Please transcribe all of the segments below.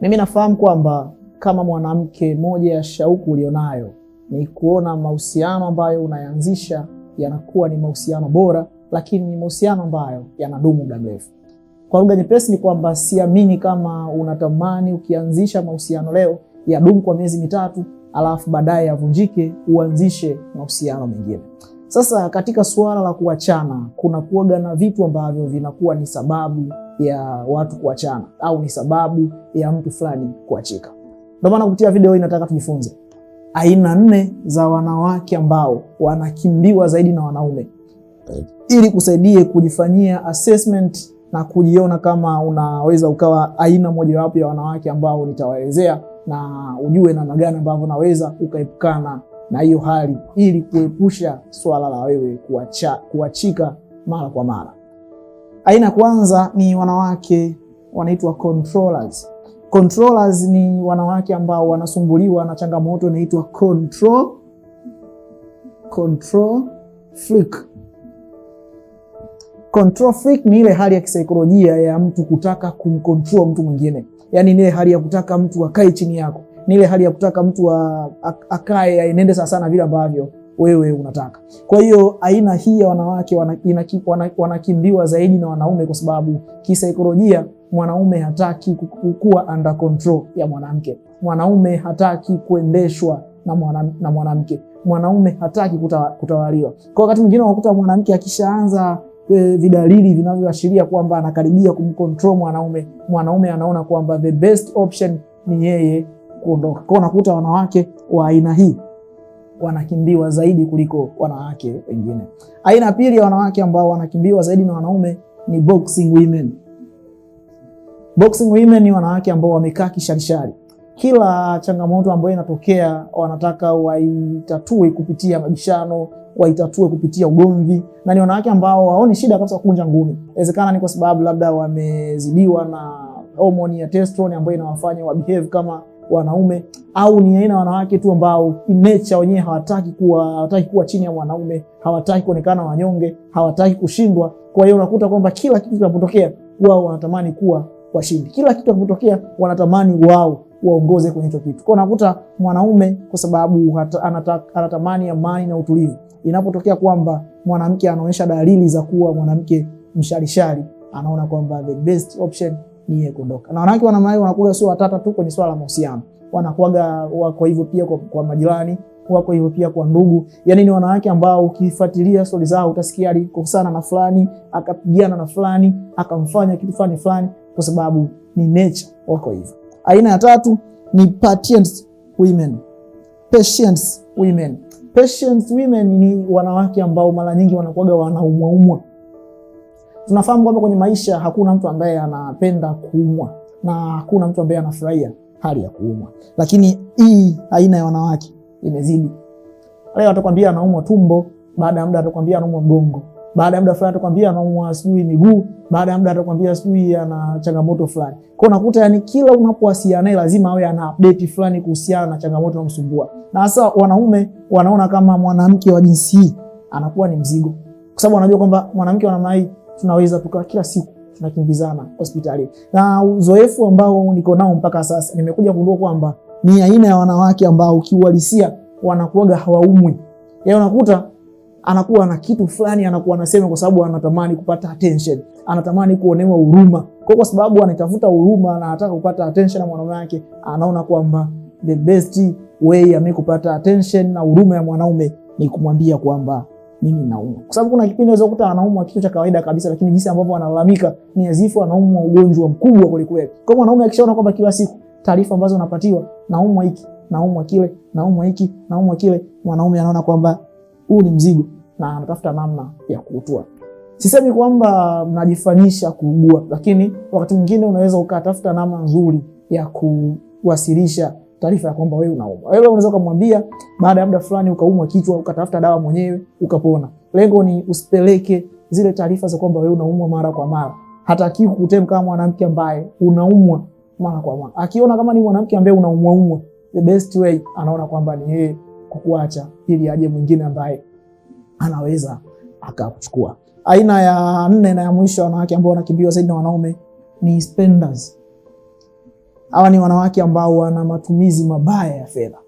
Mimi nafahamu kwamba kama mwanamke, moja ya shauku ulionayo ni kuona mahusiano ambayo unayanzisha yanakuwa ni mahusiano bora, lakini ni mahusiano ambayo yanadumu muda mrefu. Kwa lugha nyepesi, ni kwamba siamini kama unatamani ukianzisha mahusiano leo yadumu kwa miezi mitatu, alafu baadaye yavunjike, uanzishe mahusiano mengine. Sasa katika suala la kuachana, kuna kuaga na vitu ambavyo vinakuwa ni sababu ya watu kuachana au ni sababu ya mtu fulani kuachika. Ndio maana kupitia video hii nataka tujifunze aina nne za wanawake ambao wanakimbiwa zaidi na wanaume ili kusaidie kujifanyia assessment na kujiona kama unaweza ukawa aina mojawapo ya wanawake ambao nitawaelezea, na ujue namna gani ambavyo unaweza ukaepukana na hiyo hali ili kuepusha swala la wewe kuacha, kuachika mara kwa mara. Aina kwanza ni wanawake wanaitwa controllers. Controllers ni wanawake ambao wanasumbuliwa na changamoto inaitwa control control freak. Control freak ni ile hali ya kisaikolojia ya mtu kutaka kumcontrol mtu mwingine, yaani ni ile hali ya kutaka mtu akae chini yako, ni ile hali ya kutaka mtu akae aenende sana sana vile ambavyo wewe unataka. Kwa hiyo aina hii ya wanawake wanakimbiwa wana, wana zaidi na wanaume, kwa sababu kisaikolojia mwanaume hataki kuwa under control ya mwanamke. Mwanaume hataki kuendeshwa na mwanamke na mwanamke, mwanaume hataki kutawaliwa. Kwa wakati mwingine unakuta mwanamke akishaanza E, vidalili vinavyoashiria kwamba anakaribia kumcontrol mwanaume, mwanaume anaona kwamba the best option ni yeye kuondoka. Kwa unakuta wanawake wa aina hii wanakimbiwa zaidi kuliko wanawake wengine. Aina pili ya wanawake ambao wanakimbiwa zaidi na wanaume ni boxing women. Boxing women ni wanawake ambao wamekaa kisharishari, kila changamoto ambayo inatokea wanataka waitatue kupitia mabishano, waitatue kupitia ugomvi, na ni wanawake ambao waone shida kabisa kunja ngumi. Inawezekana ni kwa sababu labda wamezidiwa na homoni ya testosterone ambayo inawafanya wabehave kama wanaume au ni aina wanawake tu ambao nature wenyewe hawataki kuwa, hawataki kuwa chini ya mwanaume, hawataki kuonekana wanyonge, hawataki kushindwa. Kwa hiyo unakuta kwamba kila kitu kinapotokea wao wanatamani kuwa washindi, kila kitu kinapotokea wanatamani wao waongoze kwenye hicho kitu. Kwa unakuta mwanaume kwa sababu anatamani amani na utulivu, inapotokea kwamba mwanamke anaonyesha dalili za kuwa mwanamke mshalishali, anaona kwamba the best option ni nije kuondoka. Na wanawake wanamai wanakuwa sio watata tu kwenye swala la mahusiano, wanakuaga wako hivyo pia kwa, kwa majirani wako hivyo pia kwa ndugu. Yaani ni wanawake ambao ukifuatilia stori zao utasikia alikosana na fulani, akapigana na fulani, akamfanya kitu fulani fulani, kwa sababu ni nature, wako hivyo. Aina ya tatu ni patient women. patient women. Patient women ni wanawake ambao mara nyingi wanakuwaga wanaumwaumwa Tunafahamu kwamba kwenye maisha hakuna mtu ambaye anapenda kuumwa na hakuna mtu ambaye anafurahia hali ya kuumwa, lakini hii aina ya wanawake imezidi. Leo atakwambia anaumwa tumbo, baada ya muda atakwambia anaumwa mgongo, baada ya muda fulani atakwambia anaumwa sijui miguu, baada ya muda atakwambia sijui ana changamoto fulani. Kwa unakuta yani, kila unapowasiliana naye lazima awe ana update fulani kuhusiana na changamoto inayomsumbua, na hasa wanaume wanaona kama mwanamke wa jinsi hii anakuwa ni mzigo, kwa sababu wanajua kwamba mwanamke wa namna hii tunaweza tukawa kila siku tunakimbizana hospitali. Na uzoefu ambao niko nao mpaka sasa, nimekuja kugundua kwamba ni aina ya wanawake ambao kiuhalisia wanakuwaga hawaumwi. Yeye yaani unakuta anakuwa na kitu fulani anakuwa anasema kwa sababu anatamani kupata attention, anatamani kuonewa huruma. Kwa kwa sababu anatafuta huruma na anataka kupata attention na mwanaume wake, anaona kwamba the best way ya mimi kupata attention na huruma ya mwanaume ni kumwambia kwamba mimi naumwa. Kwa sababu kuna kipindi unaweza kukuta anaumwa kitu cha kawaida kabisa, lakini jinsi ambavyo analalamika ni azifu anaumwa ugonjwa mkubwa kuliko kweli. Kwa hiyo mwanaume akishaona kwamba kila siku taarifa ambazo anapatiwa naumwa hiki, naumwa kile, naumwa hiki, naumwa kile, mwanaume anaona kwamba huu ni mzigo na anatafuta namna ya kuutoa. Sisemi kwamba mnajifanyisha kuugua, lakini wakati mwingine unaweza ukatafuta namna nzuri ya kuwasilisha taarifa ya kwamba wewe unaumwa. Wewe unaweza kumwambia baada ya muda fulani ukaumwa kichwa, ukatafuta dawa mwenyewe, ukapona. Lengo ni usipeleke zile taarifa za kwamba wewe unaumwa mara kwa mara. Hataki kukutem kama mwanamke ambaye unaumwa mara kwa mara. Akiona kama ni mwanamke ambaye unaumwa umwa, the best way anaona kwamba ni yeye kukuacha ili aje mwingine ambaye anaweza akakuchukua. Aina ya nne na ya mwisho wanawake ambao wanakimbiwa zaidi na wanaume ni spenders. Hawa ni wanawake ambao wana matumizi mabaya ya fedha.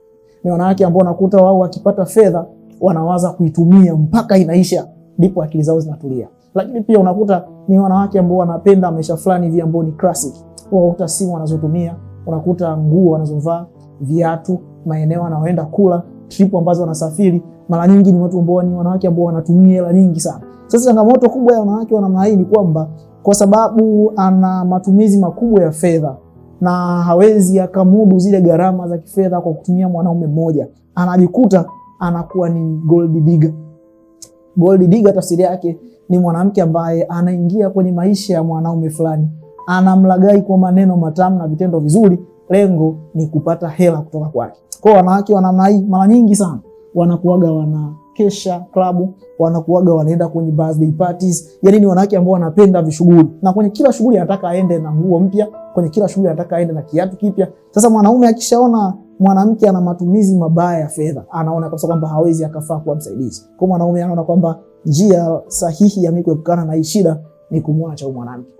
Ni wanawake ambao nakuta wao wakipata fedha wanawaza kuitumia mpaka inaisha, ndipo akili zao zinatulia. Lakini pia unakuta ni wanawake ambao wanapenda maisha fulani hivi ambao ni classic. Unakuta simu wanazotumia, unakuta nguo wanazovaa, viatu, maeneo wanaoenda kula, trip ambazo wanasafiri, mara nyingi ni watu ambao ni wanawake ambao wanatumia hela nyingi sana. Sasa changamoto kubwa ya wanawake wa namna hii ni kwamba kwa sababu ana matumizi makubwa ya fedha na hawezi akamudu zile gharama za kifedha kwa kutumia mwanaume mmoja, anajikuta anakuwa ni gold digger. Gold digger tafsiri yake ni mwanamke ambaye anaingia kwenye maisha ya mwanaume fulani, anamlagai kwa maneno matamu na vitendo vizuri, lengo ni kupata hela kutoka kwake. Kwa wanawake wa namna hii mara nyingi sana wanakuaga wana kesha klabu, wanakuaga wanaenda kwenye birthday parties, Yani ni wanawake ambao wanapenda vishughuli, na kwenye kila shughuli anataka aende na nguo mpya kwenye kila shughuli anataka aende na kiatu kipya. Sasa mwanaume akishaona mwanamke ana matumizi mabaya ya fedha, anaona kabisa kwamba hawezi akafaa kuwa msaidizi. Kwa mwanaume anaona kwamba njia sahihi ya mimi kuepukana na hii shida ni kumwacha huyu mwanamke.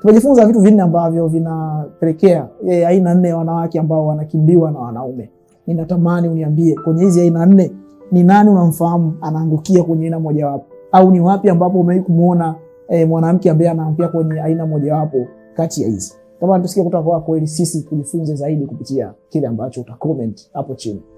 Tumejifunza vitu vinne ambavyo vinapelekea yeye, eh, aina nne ya wanawake ambao wanakimbiwa na wanaume. Ninatamani uniambie kwenye hizi aina nne ni nani unamfahamu anaangukia kwenye aina mojawapo, au ni wapi ambapo umewahi kumuona e, mwanamke ambaye anaangukia kwenye aina mojawapo kati ya hizi. Kama tusikia kutoka kwako, ili sisi tujifunze zaidi kupitia kile ambacho uta hapo chini.